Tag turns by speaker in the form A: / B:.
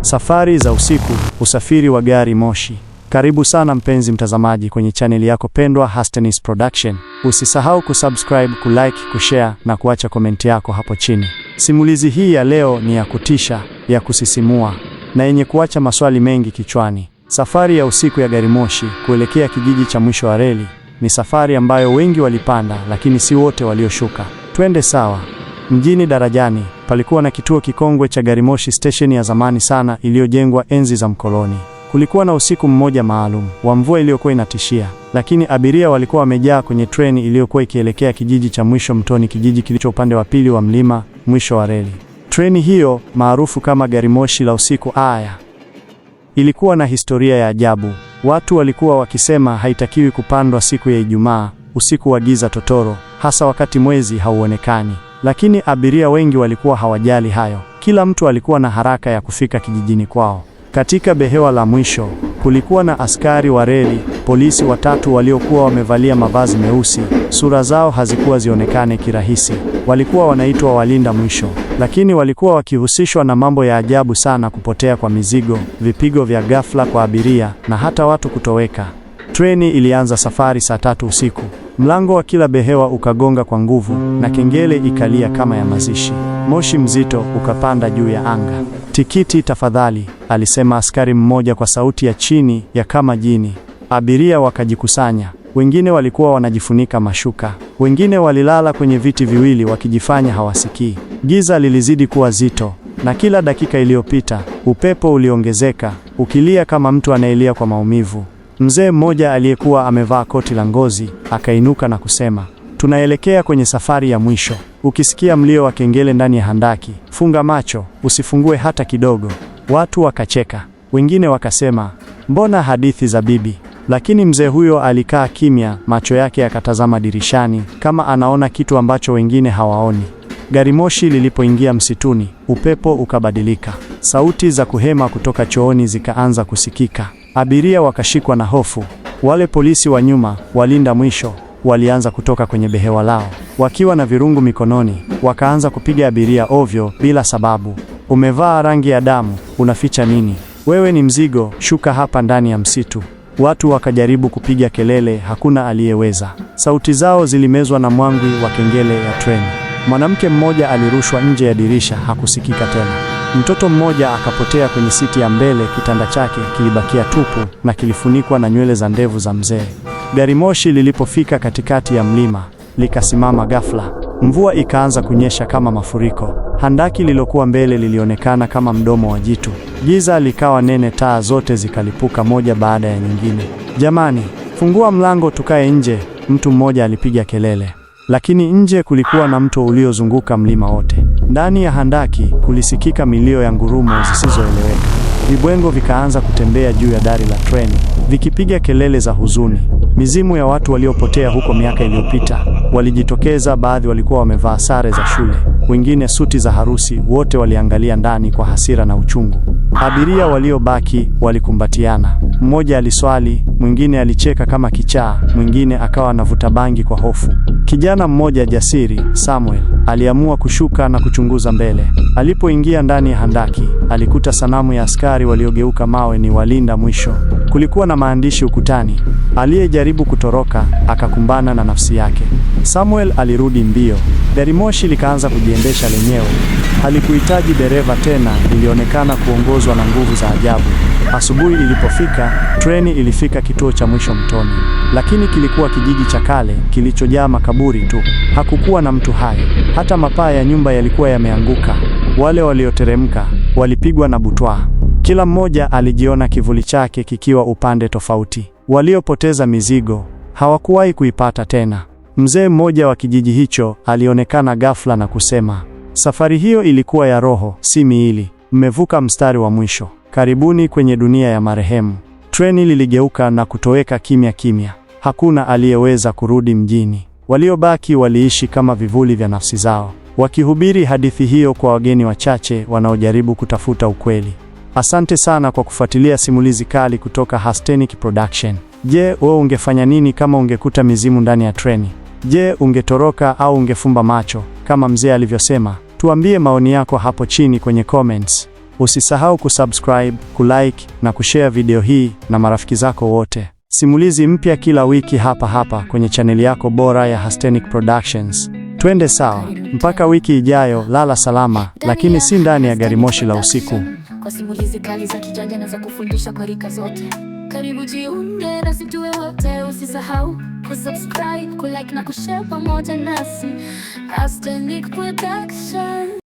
A: Safari za usiku, usafiri wa gari moshi. Karibu sana mpenzi mtazamaji kwenye chaneli yako pendwa Hastenic Production. Usisahau kusubscribe, kulike, kushare na kuacha komenti yako hapo chini. Simulizi hii ya leo ni ya kutisha, ya kusisimua na yenye kuacha maswali mengi kichwani. Safari ya usiku ya gari moshi kuelekea kijiji cha mwisho wa reli ni safari ambayo wengi walipanda, lakini si wote walioshuka. Twende sawa. Mjini Darajani palikuwa na kituo kikongwe cha garimoshi, stesheni ya zamani sana iliyojengwa enzi za mkoloni. Kulikuwa na usiku mmoja maalum wa mvua iliyokuwa inatishia, lakini abiria walikuwa wamejaa kwenye treni iliyokuwa ikielekea kijiji cha Mwisho Mtoni, kijiji kilicho upande wa pili wa mlima, mwisho wa reli. Treni hiyo maarufu kama garimoshi la usiku aya ilikuwa na historia ya ajabu. Watu walikuwa wakisema haitakiwi kupandwa siku ya Ijumaa, usiku wa giza totoro, hasa wakati mwezi hauonekani. Lakini abiria wengi walikuwa hawajali hayo. Kila mtu alikuwa na haraka ya kufika kijijini kwao. Katika behewa la mwisho kulikuwa na askari wa reli, polisi watatu waliokuwa wamevalia mavazi meusi. Sura zao hazikuwa zionekane kirahisi. Walikuwa wanaitwa walinda mwisho, lakini walikuwa wakihusishwa na mambo ya ajabu sana: kupotea kwa mizigo, vipigo vya ghafla kwa abiria na hata watu kutoweka. Treni ilianza safari saa tatu usiku. Mlango wa kila behewa ukagonga kwa nguvu na kengele ikalia kama ya mazishi. Moshi mzito ukapanda juu ya anga. Tikiti tafadhali, alisema askari mmoja kwa sauti ya chini ya kama jini. Abiria wakajikusanya, wengine walikuwa wanajifunika mashuka, wengine walilala kwenye viti viwili wakijifanya hawasikii. Giza lilizidi kuwa zito, na kila dakika iliyopita upepo uliongezeka, ukilia kama mtu anayelia kwa maumivu. Mzee mmoja aliyekuwa amevaa koti la ngozi akainuka na kusema, tunaelekea kwenye safari ya mwisho. Ukisikia mlio wa kengele ndani ya handaki, funga macho, usifungue hata kidogo. Watu wakacheka, wengine wakasema, mbona hadithi za bibi? Lakini mzee huyo alikaa kimya, macho yake yakatazama dirishani kama anaona kitu ambacho wengine hawaoni. Gari moshi lilipoingia msituni, upepo ukabadilika, sauti za kuhema kutoka chooni zikaanza kusikika. Abiria wakashikwa na hofu. Wale polisi wa nyuma, walinda mwisho, walianza kutoka kwenye behewa lao wakiwa na virungu mikononi, wakaanza kupiga abiria ovyo bila sababu. Umevaa rangi ya damu, unaficha nini? Wewe ni mzigo, shuka hapa ndani ya msitu. Watu wakajaribu kupiga kelele, hakuna aliyeweza. Sauti zao zilimezwa na mwangwi wa kengele ya treni. Mwanamke mmoja alirushwa nje ya dirisha, hakusikika tena. Mtoto mmoja akapotea kwenye siti ya mbele, kitanda chake kilibakia tupu na kilifunikwa na nywele za ndevu za mzee. Gari moshi lilipofika katikati ya mlima, likasimama ghafla. Mvua ikaanza kunyesha kama mafuriko. Handaki lilokuwa mbele lilionekana kama mdomo wa jitu. Giza likawa nene, taa zote zikalipuka moja baada ya nyingine. Jamani, fungua mlango tukae nje, mtu mmoja alipiga kelele lakini nje kulikuwa na mto uliozunguka mlima wote. Ndani ya handaki kulisikika milio ya ngurumo zisizoeleweka. Vibwengo vikaanza kutembea juu ya dari la treni vikipiga kelele za huzuni. Mizimu ya watu waliopotea huko miaka iliyopita walijitokeza. Baadhi walikuwa wamevaa sare za shule, wengine suti za harusi. Wote waliangalia ndani kwa hasira na uchungu. Abiria waliobaki walikumbatiana, mmoja aliswali, mwingine alicheka kama kichaa, mwingine akawa anavuta bangi kwa hofu. Kijana mmoja jasiri Samuel aliamua kushuka na kuchunguza mbele. Alipoingia ndani ya handaki, alikuta sanamu ya askari waliogeuka mawe ni walinda mwisho. Kulikuwa na maandishi ukutani. Aliyejaribu kutoroka akakumbana na nafsi yake. Samuel alirudi mbio. Gari moshi likaanza kujiendesha lenyewe. Halikuhitaji dereva tena, lilionekana kuongozwa na nguvu za ajabu. Asubuhi ilipofika, treni ilifika kituo cha mwisho mtoni, lakini kilikuwa kijiji cha kale kilichojaa makaburi tu. Hakukuwa na mtu hai. Hata mapaa ya nyumba yalikuwa yameanguka. Wale walioteremka walipigwa na butwa Kila mmoja alijiona kivuli chake kikiwa upande tofauti. Waliopoteza mizigo hawakuwahi kuipata tena. Mzee mmoja wa kijiji hicho alionekana ghafla na kusema, safari hiyo ilikuwa ya roho, si miili. Mmevuka mstari wa mwisho, karibuni kwenye dunia ya marehemu. Treni liligeuka na kutoweka kimya kimya. Hakuna aliyeweza kurudi mjini. Waliobaki waliishi kama vivuli vya nafsi zao, wakihubiri hadithi hiyo kwa wageni wachache wanaojaribu kutafuta ukweli. Asante sana kwa kufuatilia simulizi kali kutoka Hastenic Production. Je, wewe ungefanya nini kama ungekuta mizimu ndani ya treni? Je, ungetoroka au ungefumba macho kama mzee alivyosema? Tuambie maoni yako hapo chini kwenye comments. Usisahau kusubscribe, kulike na kushare video hii na marafiki zako wote. Simulizi mpya kila wiki hapa hapa kwenye chaneli yako bora ya Hastenic Productions. Twende sawa mpaka wiki ijayo. Lala salama, lakini si ndani ya gari moshi la usiku, kwa simulizi kali za kijanja na za kufundisha kwa rika zote. Karibu jiunge nasi tuwe wote, usisahau kusubscribe, kulike na kushare pamoja nasi Hastenic Productions.